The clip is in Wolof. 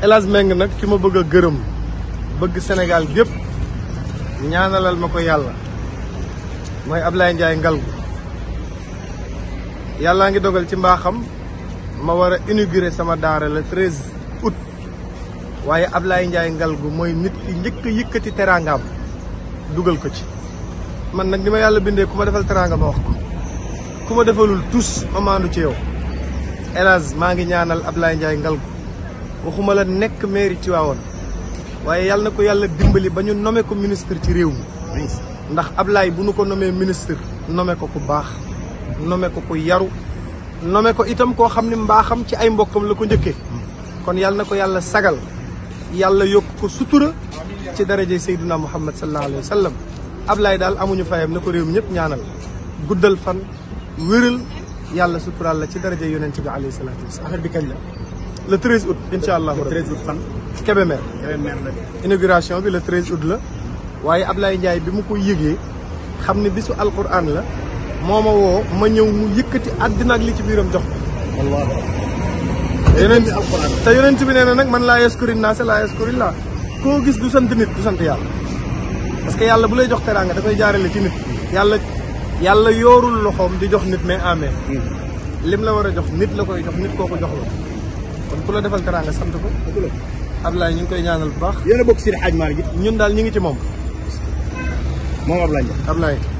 El Hadj Meng nag ki ma bëgg a gërëm bëgg Sénégal gépp ñaanalal ma ko yàlla mooy Ablaye Ndiaye Ngalgu yàllaa ngi dogal ci mbaaxam ma war a inaugurer sama daara le 13 août waaye Ablaye Ndiaye Ngalgu mooy nit ki yëkkati teraangaam dugal ko ci man nag ni ma yàlla bindee ku ma defal teraanga ma wax ko ku ma defalul tous ma maandu ci yow El maa ngi ñaanal ab Ablaye Ndiaye Ngalgu waxuma la nekk mairie Tivaouane waaye yàlla na ko yàlla dimbali ba ñu nomee ko ministre ci réew mi ndax Ablaye bu nu ko nomee ministre nommé ko ku baax nommé ko ku yaru nommé ko itam koo xam ne mbaaxam ci ay mbokkam la ko njëkkee kon yàlla na ko yàlla sagal yàlla yokk ko sutura ci daraje Seydina Muhammad sallallahu alayhi wa sallam Ablaye daal amuñu fayam na ko réew mi ñëpp ñaanal guddal fan wéral yàlla suturaal la ci daraje yonent bi alayhi salaatu wa salaam affaire bi kañ la le 13 août incha allah le 13 août fan. Kébémer Kébémer la. bi le 13 août la waaye lay Ndiaye bi mu ko yëgee xam ne bisu alquran la moo ma woo ma ñëw mu ak àddina ak li ci biiram jox ko. yeneen te yonent bi nee na nag man laa yaskuri naasa laa yaskuri laa koo gis du sant nit du sant yàlla parce que yàlla bu lay jox teraanga da koy jaarale ci nit yàlla yàlla yoorul loxoom di jox nit mais amee hmm. lim la war a jox nit la koy jox nit jox kon ku la defal teraanga sant ko. Ablaye ñu ngi koy ñaanal bu baax. yéen a bokk si xaaj Malick ñun daal ñu ngi ci moom. moom Ablaye Ndiaye Ablaye.